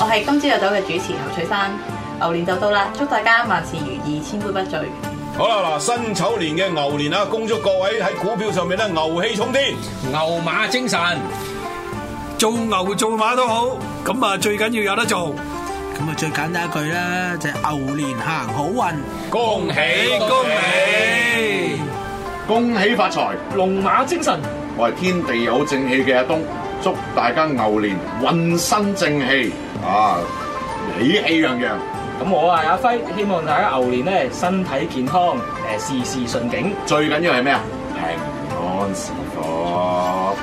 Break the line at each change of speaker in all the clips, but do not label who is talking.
我係今朝有酒嘅主持侯翠珊，牛年
就到啦，祝大家萬事如意，千杯不醉。好啦，嗱，新丑年嘅牛年啊，恭祝各位喺股票上面咧牛氣沖天，牛
馬精神，做牛做馬都好，咁啊最
緊要有得做，咁啊最簡單一句啦，就係牛年行好運，恭喜恭喜，恭喜發財，龍馬精神。我係天地有正氣嘅阿東，祝大家牛年運身正氣。啊，喜氣洋洋！咁我係阿輝，希望大家牛年咧身體健康，誒事事順景。最緊要係咩啊？平安幸福。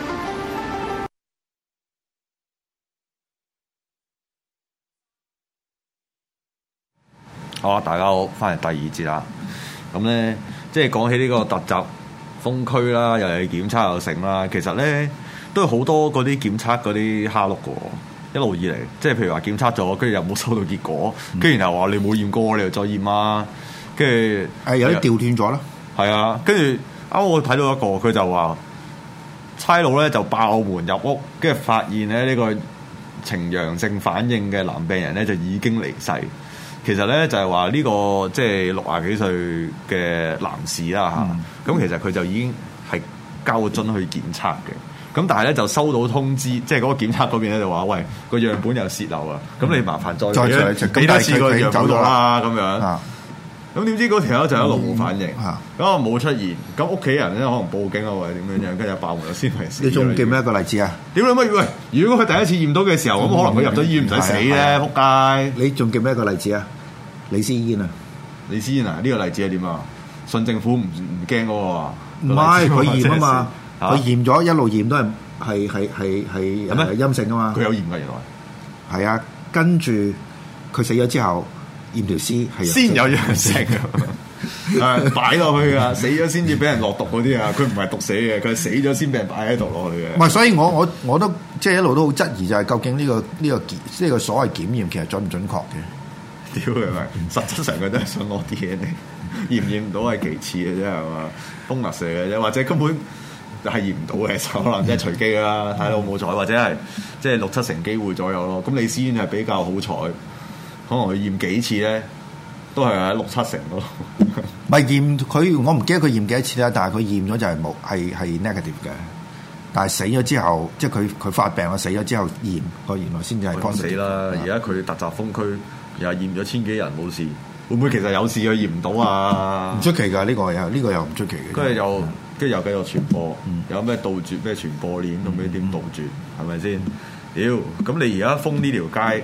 好啦，大家好，翻嚟第二節啦。咁咧， 即係講起呢個特集封區啦，又係檢測又成啦。其實咧，都有好多嗰啲檢測嗰啲蝦碌噶。一路以嚟，即係譬如話檢測咗，跟住又冇收到結果，跟住然後話你冇驗過，你又再驗啊，跟住誒有啲掉斷咗啦。係啊，跟住啱我睇到一個，佢就話差佬咧，就爆門入屋，跟住發現咧呢個呈陽性反應嘅男病人咧就已經離世。其實咧就係話呢個即係六廿幾歲嘅男士啦吓，咁、嗯、其實佢就已經係交樽去檢測嘅。咁但係咧就收到通知，即係嗰個檢測嗰邊咧就話，喂，個樣本又洩漏啊，咁你麻煩再再俾多次個樣本到啦咁樣。咁點知嗰條友就一路冇反應，咁啊冇出現。咁屋企人咧可能報警啊，或者點樣樣，跟住爆門先嚟。你仲記咩一個例子啊？點解咪喂？如果佢第一次驗到嘅時候，咁可能佢入咗醫院唔使死咧，扑街！你仲記咩一個例子啊？李思燕啊，李思燕啊，呢個例子係點啊？信政府唔唔驚噶喎，唔係佢驗啊嘛。佢
驗咗一路驗都係係係係係陰性啊嘛，佢有驗噶原來，係啊，
跟住佢死咗之後驗條屍先有陽性，係擺落去噶，死咗先至俾人落毒嗰啲啊，佢唔係毒死嘅，佢死咗先俾人擺喺度落去嘅。唔係，所以我
我我都即係一路都好質疑就係究竟呢個呢個檢呢個
所謂檢驗其實準唔準確嘅？屌佢咪，實質上佢都係想攞啲嘢嚟驗，驗唔到係其次嘅啫係嘛，封殺嘅啫，或者根本。係驗唔到嘅，可能即係隨機啦。睇到有冇彩，或者係即係六七成機會左右咯。咁李思遠係比較好彩，可能佢驗幾次咧，都係喺六七成咯。
唔係 驗佢，我唔記得佢驗幾多次啦。但係佢驗咗就係、是、冇，係係 negative 嘅。但係死咗之後，即係佢佢發病啊，死咗之後驗，佢原來先至係關死啦。而家
佢突襲封區，又係驗咗千幾人冇事，會唔會其實有事佢驗唔到啊？唔出奇㗎，呢、呢個呢個呢個又呢個又唔出奇嘅。都係又。嗯跟住又繼續傳播，有咩杜絕咩傳播鏈，咁樣點杜絕？係咪先？屌，咁、哎、你而家封呢條街，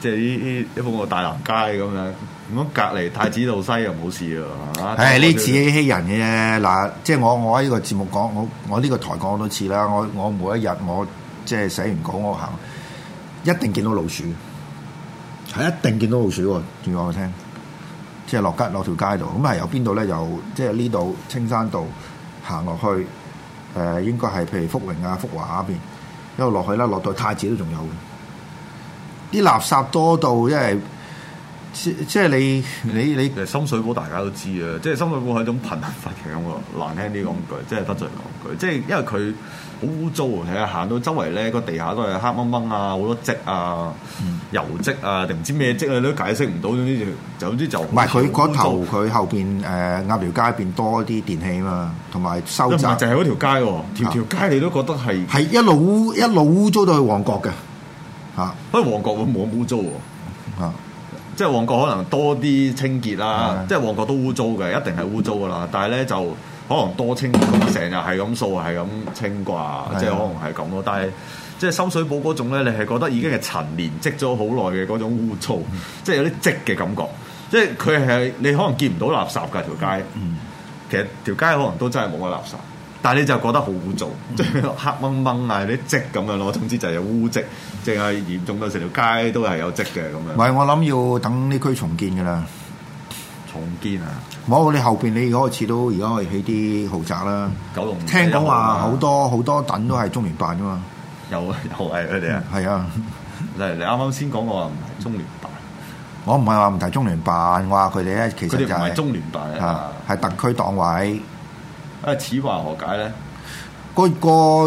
即係呢呢一封個大南街咁樣，咁隔離太子道西又冇事喎，係、啊、嘛？係呢自欺
欺人嘅啫。嗱，即係我我喺呢個節目講，我我呢個台講多次啦，我我每一日我即係寫完稿我行，一定見到老鼠，係一定見到老鼠喎、啊，仲要我聽，即係落街落條街度，咁係由邊度咧？由即係呢度青山道。行落去，誒、呃、應該係譬如福榮啊、福華啊邊，一路落去啦，落到太子都仲有嘅，
啲垃圾多到真係～即係你你你，你你深水埗大家都知啊！即係深水埗係一種貧乏嘅，咁嘅，難聽啲講句，即係得罪講句，即係因為佢好污糟啊！係啊，行到周圍咧，個地下都係黑掹掹啊，好多漬啊、油漬啊，定唔知咩漬啊，你都解釋唔到。總之就總之就唔係佢嗰頭，佢
後邊誒、呃、鴨寮街邊多啲電器啊嘛，同埋收窄。就係、是、嗰條街喎、哦，條、啊、條
街你都覺得係係一路一路污糟到去旺角嘅嚇，不、啊、過旺角冇咁污糟喎。啊。即係旺角可能多啲清潔啦，的即係旺角都污糟嘅，一定係污糟噶啦。但係咧就可能多清潔，咁成日係咁掃係咁清啩的，即係可能係咁咯。但係即係深水埗嗰種咧，你係覺得已經係陳年積咗好耐嘅嗰種污糟，即係有啲積嘅感覺。即係佢係你可能見唔到垃圾㗎條街，嗯、其實條街可能都真係冇乜垃圾。但係你就覺得好污糟，即係黑掹掹，啊，啲積咁樣咯。總之就係有污漬，淨係嚴重到成條街都係有積嘅咁樣。唔係，
我諗要等呢區重建噶啦。重建啊！冇，你後邊你開始都而家可以起啲豪宅啦。九龍聽講話好多好多棟都係中聯辦噶嘛。有啊，有係佢哋啊。係
啊，你啱啱先講過話唔係中聯辦，
我唔係話唔係中聯辦，我話佢哋咧其實就係中聯辦啊，係特區黨委。
此話何解咧？
個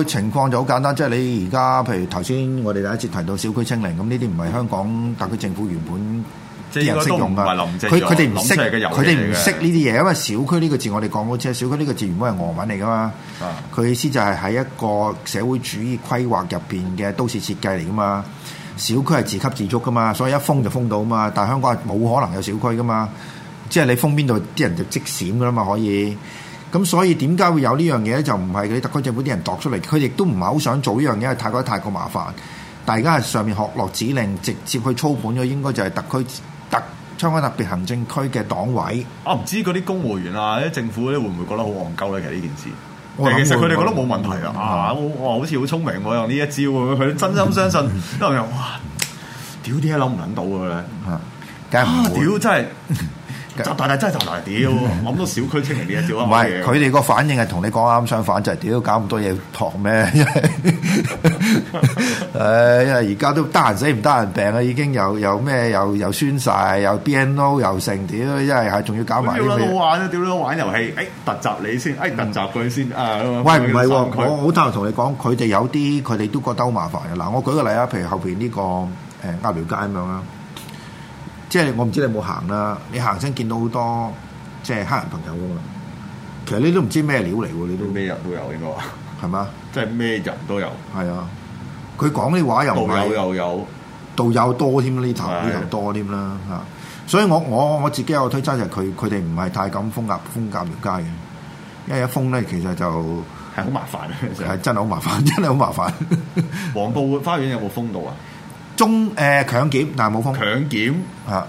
情況就好簡單，即係你而家，譬如頭先我哋第一次提到小區清零，咁呢啲唔係香港特區政府原本
啲人識用噶。佢哋唔識，佢哋唔識呢
啲嘢，因為小區呢個字我哋講咗先，小區呢個字原本係俄文嚟噶嘛。佢意思就係喺一個社會主義規劃入邊嘅都市設計嚟噶嘛。小區係自給自足噶嘛，所以一封就封到嘛。但係香港係冇可能有小區噶嘛，即係你封邊度，啲人就即閃噶啦嘛，可以。咁所以點解會有呢樣嘢咧？就唔係嗰啲特區政府啲人度出嚟，佢亦都唔係好想做呢樣嘢，太過太過麻煩。大家係上面學落指令，直接去操盤咗，應該就係特區特香港特別行政區嘅黨委。
我唔、啊、知嗰啲公務員啊、啲政府嗰啲會唔會覺得好戇鳩咧？其實呢件事，嗯、其實佢哋覺得冇問題啊！哇、啊啊，好似好聰明喎、啊，用呢一招、啊，佢真心相信。又又 哇，屌啲嘢諗唔諗到㗎咧！啊梗唔會，啊、屌真係集大隊真係集難屌，嗯、屌，搞咁多小區青年啲嘢屌，唔係佢哋
個反應係同你講啱相反，就係屌搞咁多嘢糖咩？誒，因為而家都得閒死唔得閒病啊，已經又又咩又又酸曬又 B N O 又成屌，因為仲要搞埋啲咩好
玩啊？屌，玩遊戲，誒、哎突，哎、突襲你先，誒、嗯哎、突襲佢先啊！哎、喂，唔係喎，我
好頭先同你講，佢哋有啲佢哋都覺得好麻煩嘅。嗱，我舉個例啊，譬如後邊呢、這個誒鴨寮街咁樣啦。呃呃呃呃呃即係我唔知你有冇行啦，你行親見到好多即係黑人朋友噶嘛？其實你都唔知咩料嚟喎，你都咩人都有應該，係嘛？
即係咩人都有。
係嗎啊，佢講啲話又道友又有，道友多添呢頭呢的頭多添啦嚇。所以我我我自己有個推測就係佢佢哋唔係太敢封，封條街嘅，因為一封咧其實就係好麻煩，
係實真係好麻煩，真係好麻煩。 黃埔花園有冇封到啊？中誒強檢，但係冇封。強檢啊，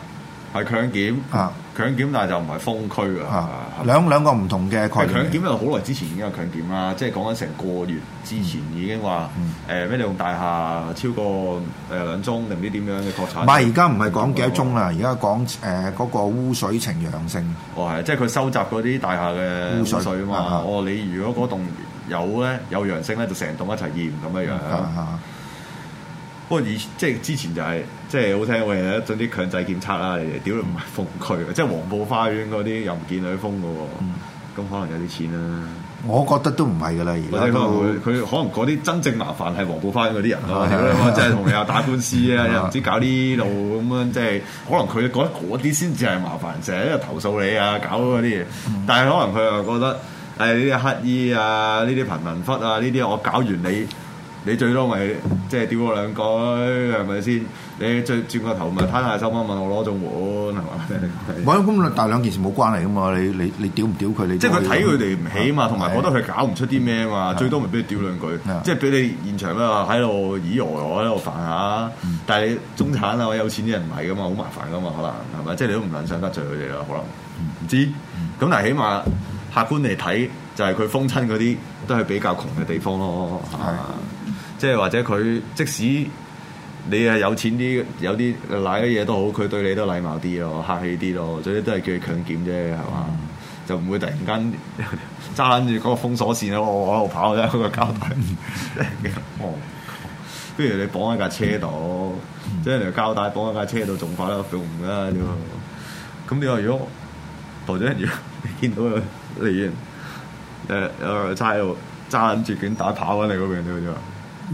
係強檢啊，強檢，但係就唔係封區啊。兩
兩個唔同嘅概念。強
檢因為好耐之前已經有強檢啦，即係講緊成個月之前已經話誒咩用大廈超過誒、呃、兩宗定唔知點樣嘅確診。唔係而家唔係講幾多宗啦，而
家講誒嗰個污水呈陽性。
哦，係，即係佢收集嗰啲大廈嘅污水，污水啊嘛。哦、啊啊，你如果嗰棟有咧，有陽性咧，就成棟一齊驗咁樣樣。不過以即係之前就係、是、即係好聽，我哋有一啲強制檢測啦，你哋屌你唔係封區，即係黃埔花園嗰啲又唔見佢封嘅喎，咁、嗯、可能有啲錢啦、啊。我覺得都唔係嘅啦，而家佢可能佢可能嗰啲都真正麻煩係黃埔花園嗰啲人咯，即係同你又打官司啊，又唔知搞呢度咁樣，即係可能佢覺得啲先至係麻煩，成日喺度投訴你啊，搞嗰啲嘢。但係可能佢又覺得誒呢啲乞衣啊，呢啲貧民窟啊，呢啲我搞完你。你最多咪即係屌我兩句係咪先？你最轉個頭咪攤下手啊！問我攞種碗係嘛？喂，
咁 但兩件事冇關係噶嘛？
你你你屌唔屌佢？你即係佢睇佢哋唔起嘛，同埋覺得佢搞唔出啲咩嘛，的最多咪俾佢屌兩句。的即係俾你現場咧喺度咿呀我喺度煩下。嗯、但係你中產啊，我有錢啲人唔係噶嘛，好麻煩噶嘛，可能係咪？即係、就是、你都唔想得罪佢哋咯，可能唔知。咁但係起碼客觀嚟睇，就係佢封親嗰啲都係比較窮嘅地方咯。係。即係或者佢即使你係有錢啲，有啲賴嘅嘢都好，佢對你都禮貌啲咯，客氣啲咯，總之都係叫佢強檢啫，係嘛？嗯、就唔會突然間揸住嗰個封鎖線喺度跑啫，嗰個膠帶哦。不如、嗯、 你綁喺架車度，即係條膠帶綁喺架車度仲快啦，仲唔啦？咁、嗯、 你話如果陶長如見到嚟員誒誒差佬揸住卷打跑翻你嗰、呃、邊，你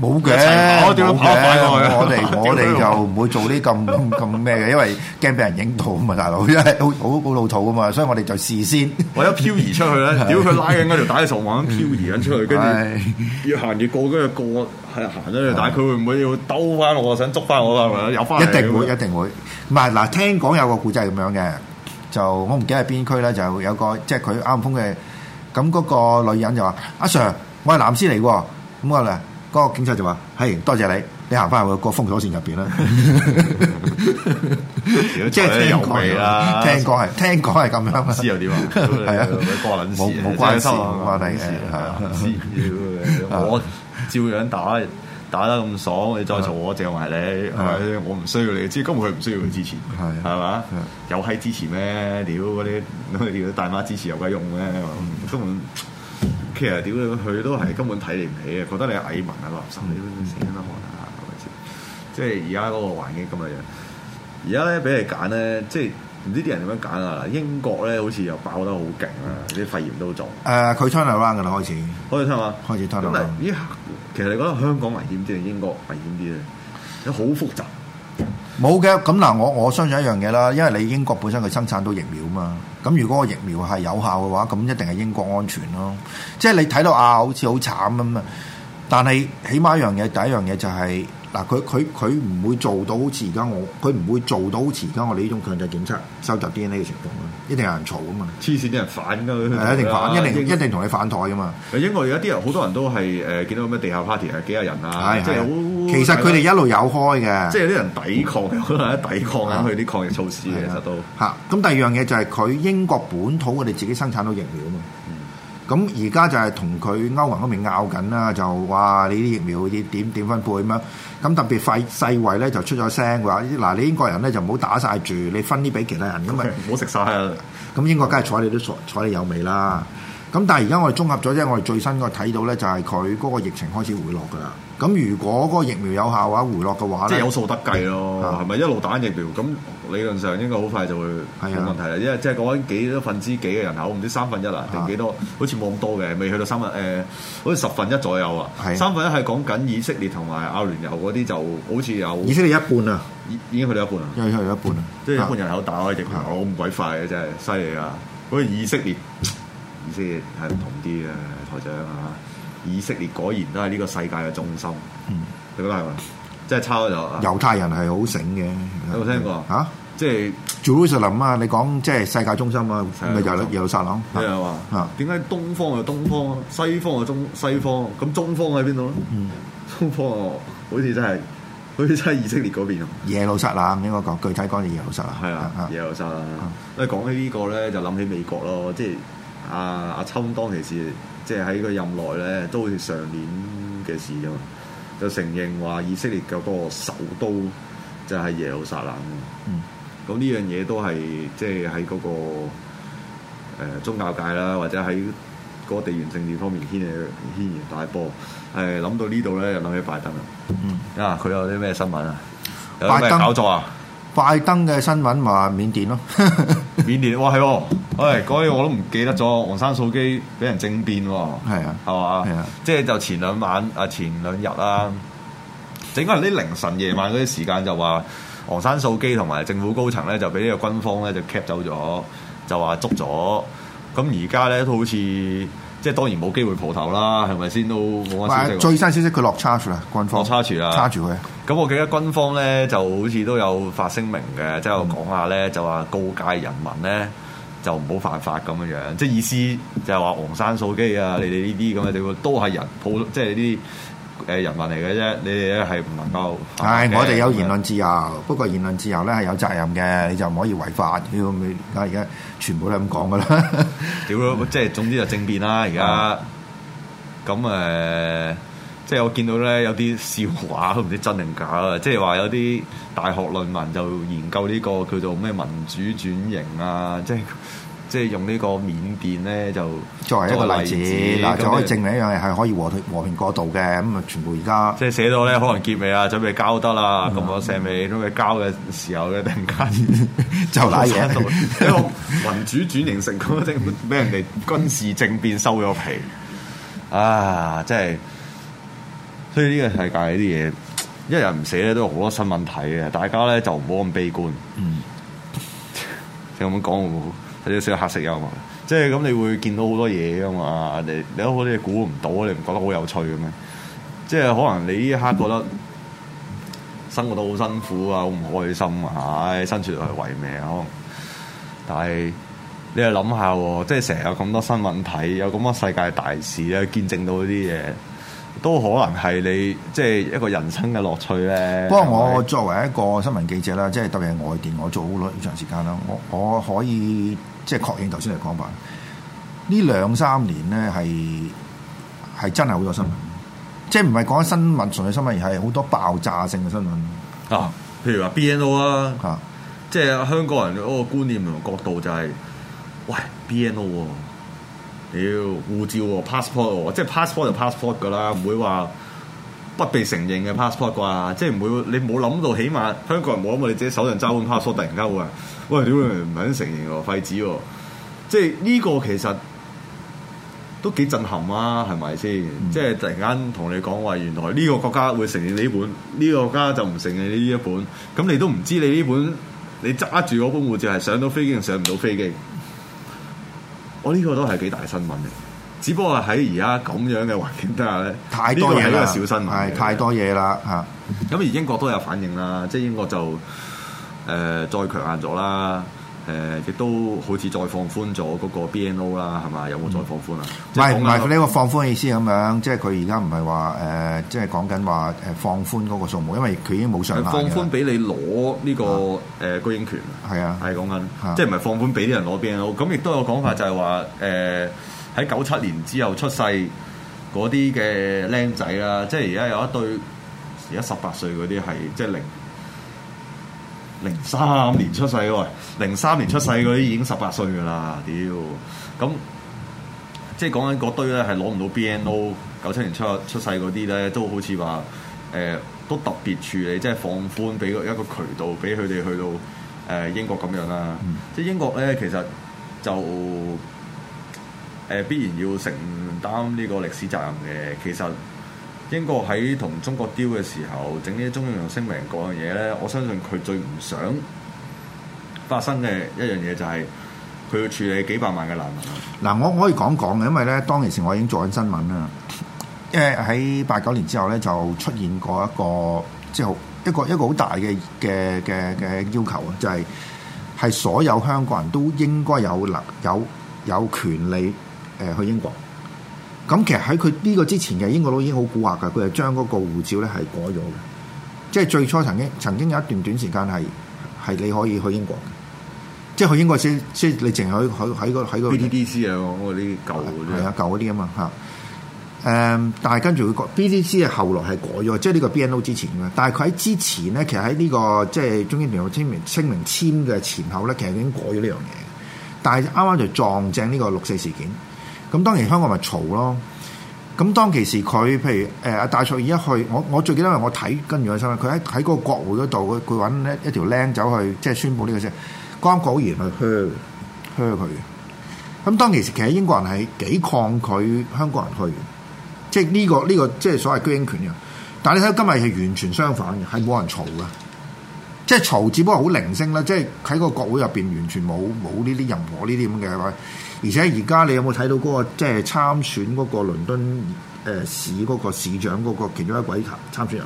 冇嘅，冇嘅，我哋我哋就唔會做啲咁
咁咩嘅，因為驚俾人影到啊嘛，大佬，因為好好老土啊嘛，所以我哋就
試先。我一漂移出去咧，屌佢拉緊嗰條帶喺上雲漂移緊出去，跟住要行住過跟住過係行咗去，但係佢會唔會要兜翻我，想捉翻我㗎係咪啊？一定會，一
定會。唔係嗱，聽講有個故仔係咁樣嘅，就我唔記得係邊區啦，就有個即係佢啱風嘅，咁嗰個女人就話：阿 Sir，我係藍絲嚟喎。咁我咧。嗰個警察就話：係多謝你，你行翻去個封鎖線入邊啦。
即係聽過啦，聽講係聽講係咁樣，唔知又點啊？係啊，嗰個撚冇冇關事，冇關大事，係啊。我照樣打打得咁爽，你再坐我正埋你，我唔需要你支持，根本佢唔需要你支持，係係嘛？有閪支持咩？屌嗰啲屌大媽支持有鬼用咩？根本。其實屌你佢都係根本睇你唔起嘅，覺得你係蟻民啊，垃圾你嘅，死啦！我啊，咁樣知，即係而家嗰個環境咁嘅樣。而家咧俾你揀咧，即係唔知啲人點樣揀啊？英國咧好似又爆得好勁啦，啲、嗯、肺炎都重。誒、呃，佢 China One 嘅啦，開始開始聽嘛，開始 China One。咁咪啲客，其實你覺得香港危險啲定英國危險啲咧？你好複雜。
冇嘅，咁嗱，我我相信一樣嘢啦，因為你英國本身佢生產到疫苗嘛，咁如果個疫苗係有效嘅話，咁一定係英國安全咯、啊。即係你睇到啊，好似好慘咁啊，但係起碼一樣嘢，第一樣嘢就係、是。嗱，佢佢佢唔會做到好似而家我佢唔會做到好似而家我哋呢種強制檢測收集 DNA 嘅情況，一定有人嘈噶嘛！
黐線啲人反一定反，英一定一定同你反台噶嘛！因為而家啲人好多人都係誒見到咩地下 party 係幾啊人啊，即係是是 其實佢哋
一路有開嘅，即係有啲人
抵抗，抵抗緊佢啲抗疫措施其實都
嚇。咁、啊、第二樣嘢就係佢英國本土，我哋自己生產到疫苗啊嘛。咁而家就係同佢歐盟嗰邊拗緊啦，就話你啲疫苗點點點分配咁樣，咁特別係世衞咧就出咗聲話，嗱你英國人咧就唔好打晒住，你分啲俾其他人，咁咪唔好食晒啦，咁英國梗係睬你都睬睬你有味啦。咁但係而家我哋綜合咗即係我哋最新個睇到咧，就係佢嗰個疫情開始回落噶啦。咁如果嗰個疫苗有效嘅話，回落嘅話即係有數
得計咯，係咪一路打疫苗？咁理論上應該好快就會冇問題啦，因為即係講緊幾多分之幾嘅人口，唔知三分一啊定幾多？好似冇咁多嘅，未去到三分誒，好似十分一左右啊。三分一係講緊以色列同埋阿聯酋嗰啲，就好似有以色列一半啊，已已經去到一半啊，又去咗一半啊，即係一半人口打開疫苗，好唔鬼快啊，真係犀利啊！嗰個以色列。意思係唔同啲嘅台長吓，以色列果然都係呢個世界嘅中心。你覺得係嘛？即係抄咗。猶太人係好醒嘅，有冇聽過？吓，即係
Jerusalem 啊！你講即係世界中心啊？耶路耶路撒冷。
咩啊？點解東方係東方，西方係中西方？咁中方喺邊度咧？嗯，中方好似真係，好似真係以色列嗰邊啊！耶路撒冷應該講具體講係耶路撒冷。係啊，耶路撒冷。誒，講起呢個咧，就諗起美國咯，即係。阿阿秋當其時，即係喺個任內咧，都好似上年嘅事啊，就承認話以色列嘅嗰個首都就係耶路撒冷啊。咁呢、嗯、樣嘢都係即係喺嗰個、呃、宗教界啦，或者喺嗰個地緣政治方面牽起軒然大波。係諗到呢度咧，又諗起拜登啦。嗯、啊，佢有啲咩新聞啊？拜登有搞錯啊！
拜登嘅新聞話緬甸咯 ，
緬甸哇係，誒嗰日我都唔記得咗、啊。昂山素基俾人政變喎，係啊，係嘛，即係就前兩晚啊，前兩日啦，整係啲凌晨夜晚嗰啲時間就話昂山素基同埋政府高層咧就俾呢個軍方咧就 cap 走咗，就話捉咗，咁而家咧都好似。即係當然冇機會蒲頭啦，係咪先，都冇乜消息。最
新消息佢落 charge 啦，
軍方落 charge 啦，charge 佢。咁我記得軍方咧就好似都有發聲明嘅，即係我講下咧就話告誡人民咧就唔好犯法咁樣樣，即係意思就係話昂山素姬啊，嗯、你哋呢啲咁嘅嘢都係人抱，即係啲。誒、呃、人民嚟嘅啫，你哋咧係唔能夠。係、哎，我哋有言
論自由，嗯、不過言論自由咧係有責任嘅，你就唔可以違法。屌，咪而家全部都係咁講噶啦。
屌咯、嗯，即係總之就政變啦。而家咁誒，即係我見到咧有啲笑話都唔知是真定假啊！即係話有啲大學論文就研究呢、呢個叫做咩民主轉型啊，即係。即係用個緬呢個緬甸咧，就作為一個例子，嗱、啊，就可以證
明一樣嘢係可以和和平過渡
嘅。咁啊，全部而家即係寫到咧，可能結尾啊，準備交得啦，咁我寫尾準備交嘅時候咧，突然間 就嗱嘢喺度，民主轉型成功，即係俾人哋軍事政變收咗皮。啊，真係！所以呢個世界呢啲嘢，一日唔寫咧，都好多新聞睇嘅。大家咧就唔好咁悲觀。嗯，你咁講好唔好？有少少黑色幽默，即係咁，你會見到好多嘢噶嘛？你你都好，你估唔到，你唔覺得好有趣嘅咩？即係可能你呢一刻覺得生活都好辛苦啊，好唔開心啊，唉、哎，生存去為咩啊？但係你又諗下喎，即係成日有咁多新聞睇，有咁多世界大事咧，見證到呢啲嘢，都可能係你即係一個人生嘅樂趣咧。不過我
作為一個新聞記者啦，即、就、係、是、特別係外電，我做好耐好長時間啦，我我可以。即係確認頭先嚟講法，呢兩三年咧，係係真係好多新聞，即係唔係講新聞純粹新聞，而係好多爆炸性嘅新聞。
啊，譬如話 BNO 啊，即係香港人嗰個觀念同角度就係，喂 BNO，屌護照 passport，即係 passport 就 passport 㗎啦，唔會話不被承認嘅 passport 啩，即係唔會你冇諗到，起碼香港人冇諗過你自己手上揸本 passport 突然間會啊！喂，點會唔肯承認哦？廢紙、啊，即係呢、這個其實都幾震撼啊，係咪先？嗯、即係突然間同你講話，原來呢個國家會承認你呢本，呢、這個國家就唔承認你呢一本。咁你都唔知你呢本，你揸住嗰本護照係上到飛機定上唔到飛機？我、哦、呢、這個都係幾大新聞嚟，只不過喺而家咁樣嘅環境底下咧，太多嘢啦，呢個小新聞，係太多嘢啦吓。咁而英國都有反應啦，即係英國就。誒再強硬咗啦，誒亦都好似再放寬咗嗰個 BNO 啦，係嘛？有冇再放寬啊？唔係唔係
呢個放寬嘅意思咁樣，即係佢而家唔係話誒，即係講緊話誒放寬嗰個數目，因為佢已經冇上限嘅。放
寬俾你攞呢個誒居英權係啊，係講緊，即係唔係放寬俾啲人攞 BNO？咁亦都有講法就係話誒，喺九七年之後出世嗰啲嘅僆仔啦，即係而家有一對而家十八歲嗰啲係即係零零三年出世嘅喂，零三年出世嗰啲已經十八歲噶啦，屌咁，即係講緊嗰堆咧係攞唔到 BNO，九七年出出世嗰啲咧都好似話，誒、呃、都特別處理，即係放寬俾一個渠道俾佢哋去到誒、呃、英國咁樣啦。Mm. 即係英國咧，其實就誒、呃、必然要承擔呢個歷史責任嘅，其實。英國喺同中國 deal 嘅時候，整呢啲中英聲明嗰樣嘢咧，我相信佢最唔想發生嘅一樣嘢就係、是、佢要處理幾百萬嘅難民。
嗱，我可以講講嘅，因為咧當其時我已經做緊新聞啦。因為喺八九年之後咧，就出現過一個即係、就是、一個一個好大嘅嘅嘅嘅要求啊，就係、是、係所有香港人都應該有能有有權利誒、呃、去英國。咁其實喺佢呢個之前嘅英國佬已經好蠱惑嘅，佢係將嗰個護照咧係改咗嘅，即係最初曾經曾經有一段短時間係係你可以去英國嘅，即係去英國先即係你淨係喺喺個喺、嗰個 BDC 啊嗰啲舊嗰啲係啊舊嗰啲啊嘛嚇誒、嗯，但係跟住佢個 BDC 係後來係改咗，即係呢個 BNO 之前嘅，但係佢喺之前咧，其實喺呢、呢個即係中英聯合聲明簽嘅前後咧，其實已經改咗呢樣嘢，但係啱啱就撞正呢個六四事件。咁當然香港咪嘈咯，咁當其時佢譬如誒阿、呃、戴卓爾一去，我我最記得因為我睇跟住我身，咧，佢喺喺嗰個國會嗰度，佢揾一一條僆走去即係宣佈呢個啫，光稿言去噓噓佢。咁當其時其實英國人係幾抗拒香港人去，即係呢、呢個呢、呢個即係所謂居英權嘅。但係你睇今日係完全相反嘅，係冇人嘈嘅，即係嘈只不過好零星啦。即係喺個國會入邊完全冇冇呢啲任何呢啲咁嘅。而且而家你有冇睇到嗰、那個即係、就是、參選嗰個倫敦誒市嗰個市長嗰個其中一個鬼參選人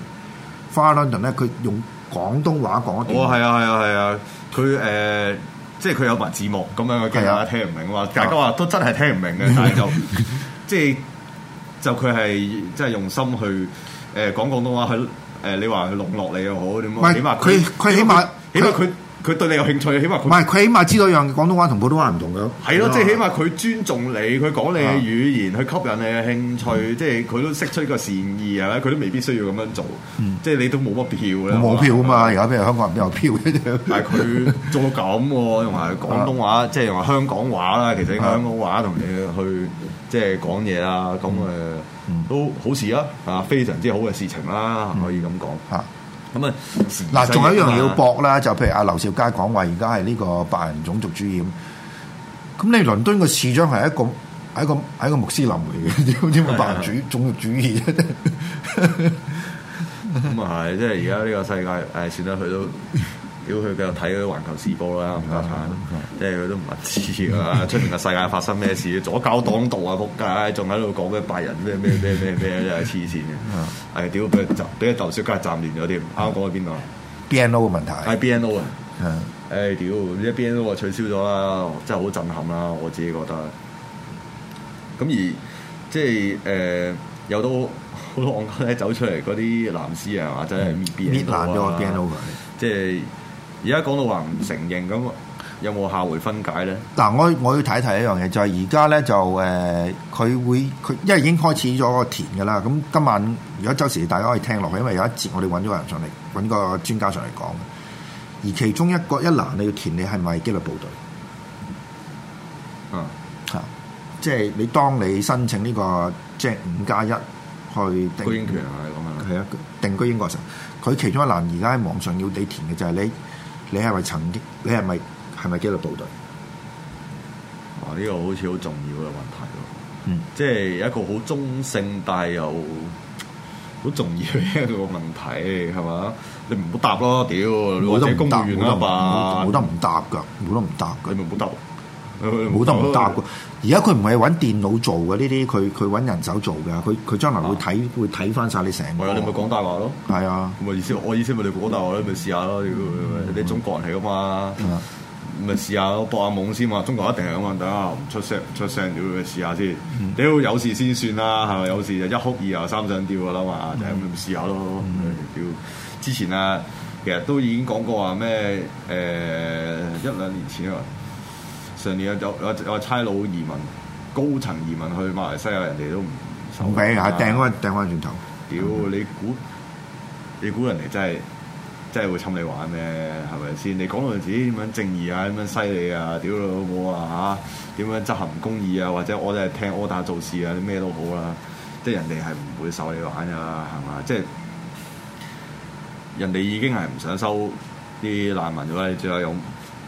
，Far London 咧，佢用廣東話講一段。哦，係
啊，係啊，係啊，佢誒、呃、即係佢有埋字幕咁樣，佢驚大家聽唔明嘛？大家都話都真係聽唔明嘅，但係就即係、啊、就佢係即係用心去誒、呃、講廣東話佢，誒、呃，你話佢籠絡你又好點樣？唔係，佢佢喂起碼起碼佢。 佢對你有興趣，起碼唔係佢
起碼知道一樣廣東話同普通話唔同嘅。係咯，即係起
碼佢尊重你，佢講你嘅語言去吸引你嘅興趣，即係佢都釋出一個善意係佢都未必需要咁樣做，即係你都冇乜必要。冇票啊嘛，而家邊有香港人邊有票嘅啫。但係佢做到咁喎，用埋廣東話，即係用埋香港話啦。其實香港話同你去即係講嘢啦，咁誒都好事啊！啊，非常之好嘅事情啦，可以咁講吓。咁啊，嗱，仲有一樣要搏啦，
就譬、啊、如阿劉兆佳講話，而家係呢個白人種族主義。咁你倫敦個市長係一個係一個係一個穆斯林嚟嘅，點點會白人主的種族主義
啫？咁啊係，即係而家呢個世界誒，算得佢都。屌佢，佢又睇嗰啲環球視播啦，唔得閒，即係佢都唔知啊！出面嘅世界發生咩事，左膠當道啊！仆街，仲喺度講咩拜人咩咩咩咩咩啊！黐線嘅，屌佢，暫俾阿鄧少吉暫亂咗添。啱啱講咗邊度？BNO 嘅問題係 BNO 啊！誒屌，呢一 BNO 啊取消咗啦，真係好震撼啦！我自己覺得。咁而即係誒，有都好多嘅走出嚟嗰啲藍絲啊，或者係搣爛咗個 BNO 佢，即係。而家講到話唔承認咁，有冇下回分解咧？
嗱，我我要睇一睇一樣嘢，就係而家咧就誒，佢、呃、會佢因為已經開始咗個填嘅啦。咁今晚如果周時大家可以聽落去，因為有一節我哋揾咗個人上嚟，揾個專家上嚟講。而其中一個一欄你要填，你係咪紀律部隊？嗯、啊，即係、啊就是、你當你申請呢、呢個即係五加一去定居權係咁啊，係啊，定居英國實，佢其中一欄而家喺網上要你填嘅就係你。就是你你係咪曾經？你係咪係咪紀律部隊？
哇！呢、這個好似好重要嘅問題喎。嗯，即係一個好中性，但係又好重要嘅一個問題，係嘛？你唔好答咯，屌！你話做公務員啊？冇得唔
答㗎，冇得唔答㗎，咪冇得，
冇得唔答。
而家佢唔係揾電腦做嘅呢啲，佢佢揾人手做嘅。佢佢將來會睇會睇翻
曬你成個。係啊，你咪講大話咯。係啊。咁嘅意思，我意思咪你講大話咯，咪試下咯。你你中國人嚟噶嘛，咪試下咯，搏下懵先嘛。中國一定係咁嘛，等下唔出聲唔出聲，你咪試下先。屌有事先算啦，係咪有事就一哭二鬧三上吊噶啦嘛，就咁咪試下咯。屌之前啊，其實都已經講過話咩？誒一兩年前啊。上年有有有差佬移民，高層移民去馬來西亞，人哋都唔收。唔俾啊，掟開掟翻轉頭。屌、嗯你，你估你估人哋真係真係會侵你玩咩？係咪先？你講到自己點樣正義啊，點樣犀利啊？屌老母啊嚇！點樣執行公義啊？或者我哋聽 order 做事啊？咩都好啦。即係人哋係唔會收你玩噶，係嘛？即係人哋已經係唔想收啲難民咗啦，你最後用。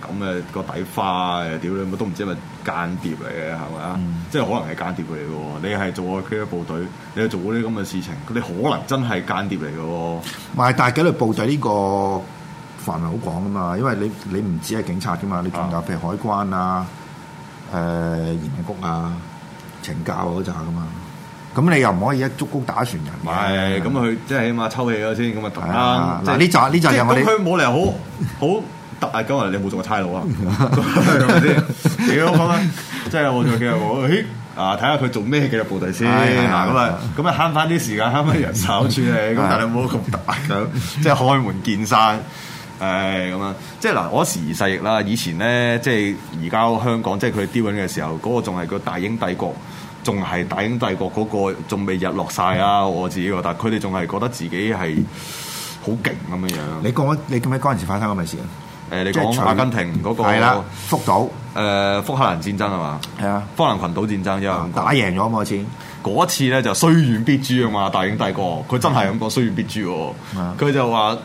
咁嘅個底花誒，屌你！我都唔知係咪間諜嚟嘅，係咪啊？嗯、即係可能係間諜嚟嘅喎。你係做我菲嘅部隊，你做嗰啲咁嘅事情，佢哋可能真係間諜嚟嘅喎。賣大紀律部隊呢、呢個範圍好廣
啊嘛，因為你你唔止係警察啫嘛，你仲有譬如海關啊、誒移民局啊、懲教嗰扎噶嘛。咁你又唔可以一竹篙打船人，唔係是，咁
佢即係起碼抽起咗先，咁啊得啦。嗱呢扎呢扎又我哋冇嚟好好。 好好得啊！今日你冇做過差佬啊，係咪先？屌咁即係我再見下我，啊！睇下佢做咩幾隻部隊先嗱咁啊！咁啊慳翻啲時間，慳翻人手處理。咁但係冇咁大，即係開門見山誒咁樣。即係嗱，我時移世易啦。以前咧，即係而家香港，即係佢跌緊嘅時候，嗰個仲係個大英帝國，仲係大英帝國嗰個仲未日落晒啊！我自己，覺得，佢哋仲係覺得自己係好勁咁樣樣。你
講緊？你咁樣嗰陣時發生過咩事
啊？誒，你講阿根廷嗰、那個福島，誒、呃，福克蘭戰爭係嘛？係啊的，福克蘭群島戰爭之後打贏咗嘛？次嗰一次咧就雖遠必誅啊嘛！大英帝國佢真係咁講，雖遠必誅。佢就話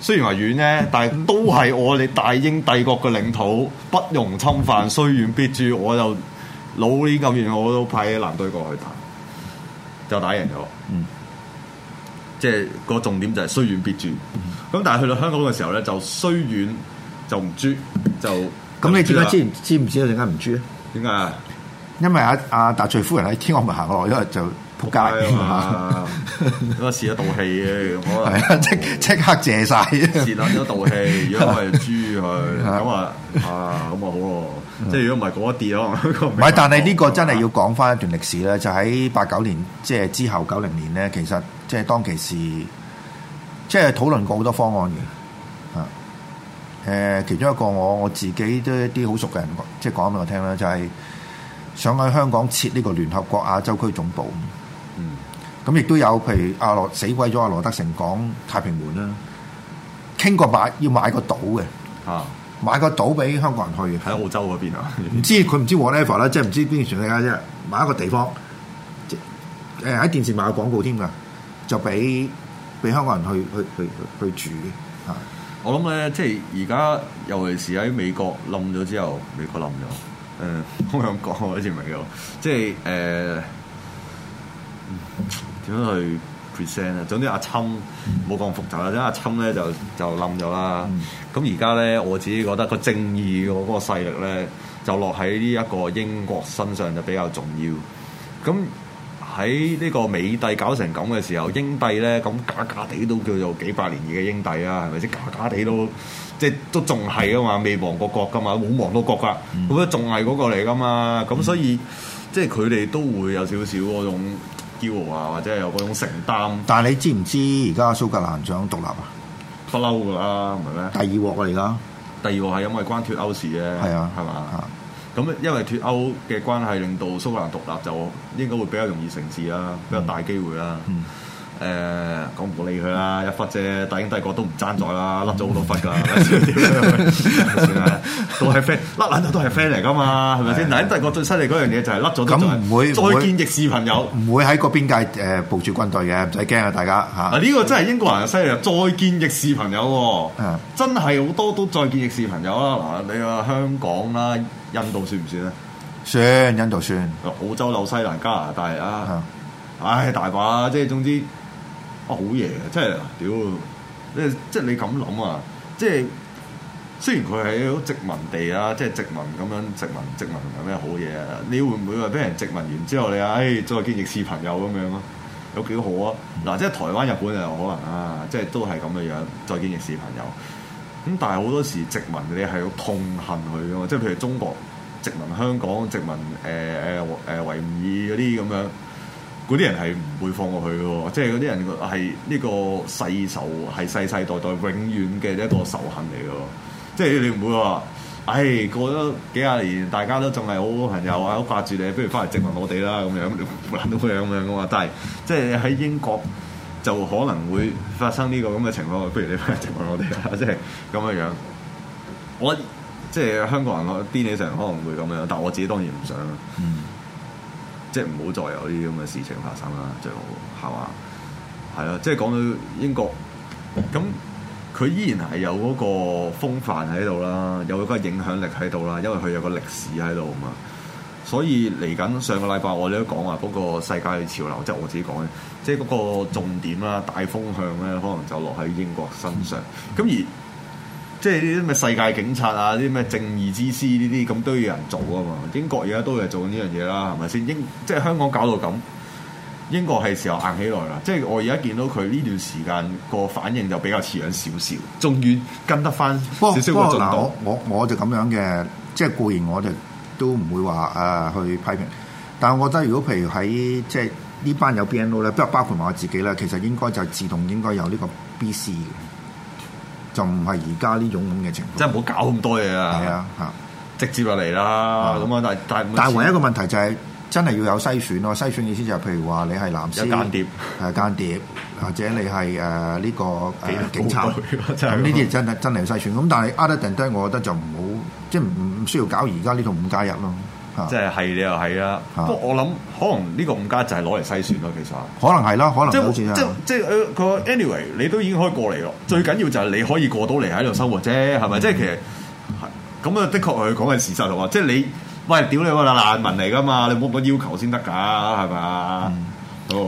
雖然話遠呢，但係都係我哋大英帝國嘅領土，不容侵犯，的雖遠必誅。我就老啲咁遠，我都派啲南軍過去打，就打贏咗。嗯。即係個重點就係雖遠必誅，咁但係去到香港嘅時候咧，就雖遠就唔誅，就咁、嗯、你點解知
知唔知佢點解唔誅咧？點解？因為阿阿戴卓爾夫人喺天安門行過，因為就仆街，咁、哎、
呀啊試咗道氣嘅， 我即即、啊、刻謝晒，試緊一道氣， 如果我係誅佢，咁 啊啊咁啊好喎。即係、嗯、如果唔係嗰一啲咯，唔係，但係呢個
真係要講翻一段歷史咧。就喺八九年，即係之後九零年咧，其實即係當其時，即係討論過好多方案嘅。啊，誒，其中一個我我自己都一啲好熟嘅人，即係講俾我聽啦，就係想喺香港設呢個聯合國亞洲區總部。嗯，咁亦都有，譬如阿羅死鬼咗，阿羅德成講太平門啦，嗯、傾過買要買個島嘅，啊。買個島俾香港人去嘅，喺澳洲嗰邊啊？唔 知佢唔知 whatever 啦，即係唔知邊條船嚟噶啫。買一個地方，誒、呃、喺電視買個廣告添噶，就俾俾香港人去去去去住嘅。嚇！
我諗咧，即係而家，尤其是喺美國冧咗之後，美國冧咗。誒、呃，我想講好似唔係㗎，即係誒點樣去？啊，總之阿侵冇咁複雜啦，因為阿侵咧就就冧咗啦。咁而家咧，我自己覺得個正義嗰個勢力咧，就落喺呢一個英國身上就比較重要。咁喺呢個美帝搞成咁嘅時候，英帝咧咁假假地都叫做幾百年以嚟嘅英帝啊，係咪先？假假地都即係都仲係啊嘛，未亡過國㗎嘛，冇亡到國㗎，咁都仲係嗰個嚟㗎嘛。咁所以、嗯、即係佢哋都會有少少嗰種。啊，或者有嗰種承擔。
但係你知唔知而家蘇格蘭想獨立啊？
不嬲噶啦，唔係咩？第二鑊，而家第二鑊係因為關脫歐事嘅，係啊，係嘛吧？咁、啊、因為脫歐嘅關係，令到蘇格蘭獨立就應該會比較容易成事啦，嗯、比較大機會啦。嗯。誒，講唔好理佢啦，一忽啫，大英帝國都唔爭在啦，甩咗好多忽噶， 都係 friend，甩爛都都係 friend 嚟噶嘛，係咪先？大、哎、英帝國最犀利嗰樣嘢就係甩咗。咁唔會，再見亦是朋友，
唔會喺個邊界誒部署軍隊嘅，唔使驚啊，大家吓。
嗱，呢個真係英國人又犀利啊！再見亦是朋友，真係好多都再見亦是朋友啦。嗱、啊，你話香港啦，印度算唔算啊？算，印度算。澳洲、紐西蘭、加拿大啊唉，唉，大把，即係總之。總之啊，好嘢啊！真係，屌，你即係你咁諗啊，即係雖然佢係好殖民地啊，即係殖民咁樣殖民殖民，殖民有咩好嘢啊？你會唔會話俾人殖民完之後你啊，哎，再見亦是朋友咁樣咯？有幾好啊？嗱，即係台灣日本又可能啊，即係、啊、都係咁嘅樣，再見亦是朋友。咁但係好多時殖民你係好痛恨佢噶嘛？即係譬如中國殖民香港殖民，誒誒誒，維、呃呃、吾爾嗰啲咁樣。嗰啲人係唔會放過佢嘅喎，即係嗰啲人係呢個世仇係世世代代永遠嘅一個仇恨嚟嘅喎，即係你唔會話，唉、哎、過咗幾廿年大家都仲係好朋友啊，好掛住你，不如翻嚟殖民我哋啦咁樣，冇撚到咁樣嘅嘛。但係即係喺英國就可能會發生呢個咁嘅情況，不如你翻嚟殖民我哋啦，即係咁嘅樣。我即係香港人，我啲理性可能唔會咁樣，但我自己當然唔想啊。嗯即係唔好再有呢啲咁嘅事情發生啦，最好。係嘛？係啊，即係講到英國，咁佢依然係有嗰個風範喺度啦，有嗰個影響力喺度啦，因為佢有個歷史喺度嘛。所以嚟緊上個禮拜我哋都講話嗰個世界潮流，即係我自己講嘅，即係嗰個重點啦、大風向咧，可能就落喺英國身上。咁而即係呢啲咩世界警察啊，啲咩正義之師呢啲咁都要人做啊嘛！英國而家都係做呢樣嘢啦，係咪先？英即係香港搞到咁，英國係時候硬起來啦！即係我而家見到佢呢段時間個反應就比較似樣少少，終於跟得翻少少嘅進度。呃、
我我就咁樣嘅，即係固然我哋都唔會話誒、呃、去批評，但係我覺得如果譬如喺即係呢班有 BNO 咧，不過包括埋我自己咧，其實應該就自動應該有呢個 B C。就唔係而家呢種咁嘅情況，即係唔
好搞咁多嘢啊，啊！係啊，嚇直接就嚟啦！咁啊，但但但係唯一一
個問題就係、是、真係要有篩選咯。篩選意思就係譬如話你係藍絲有間諜、啊，誒間諜 或者你係誒呢個警察
咁呢啲
真係真係要 篩選。咁但係阿德頓低，我覺得就唔好即係唔需要搞而家呢套五加一咯。 即係
係你又係啊，不過 我諗可能呢個五加就係攞嚟篩選咯，其實 可能係啦，可能 即係冇錢啊！即即佢佢 anyway，你都已經可以過嚟咯，最緊要就係你可以過到嚟喺度生活啫，係咪？ 即係其實咁啊，的確係講緊事實同話，即係你喂，屌你個爛民嚟噶嘛，你冇乜要求先得噶，係咪？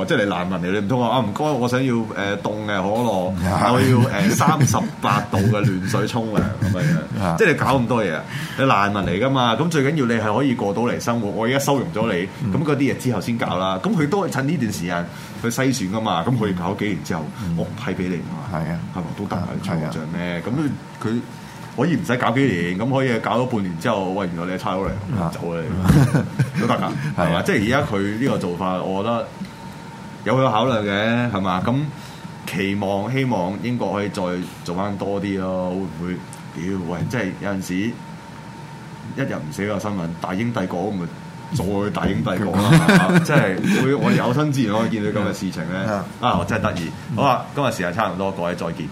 即係你難民嚟，你唔通話啊唔該，我想要誒凍嘅可樂，我要誒三十八度嘅暖水沖涼咁樣，即係你搞咁多嘢，你難民嚟噶嘛？咁最緊要你係可以過到嚟生活，我而家收容咗你，咁嗰啲嘢之後先搞啦。咁佢都係趁呢段時間去篩選噶嘛？咁佢搞幾年之後，我批俾你嘛？係啊，係咪都得㗎，像咩咁？佢可以唔使搞幾年，咁可以搞咗半年之後，喂，原來你係差佬嚟，走啊你，都得㗎，係嘛？即係而家佢呢個做法，我覺得。有有考慮嘅，係嘛？咁期望希望英國可以再做翻多啲咯，會唔會？屌、呃、喂！即係有陣時一日唔寫個新聞，大英帝國唔係再大英帝國啦， 即係我哋有生之年可以見到咁嘅事情咧，啊！我、啊、真係得意。好啊，今日時間差唔多，各位再見。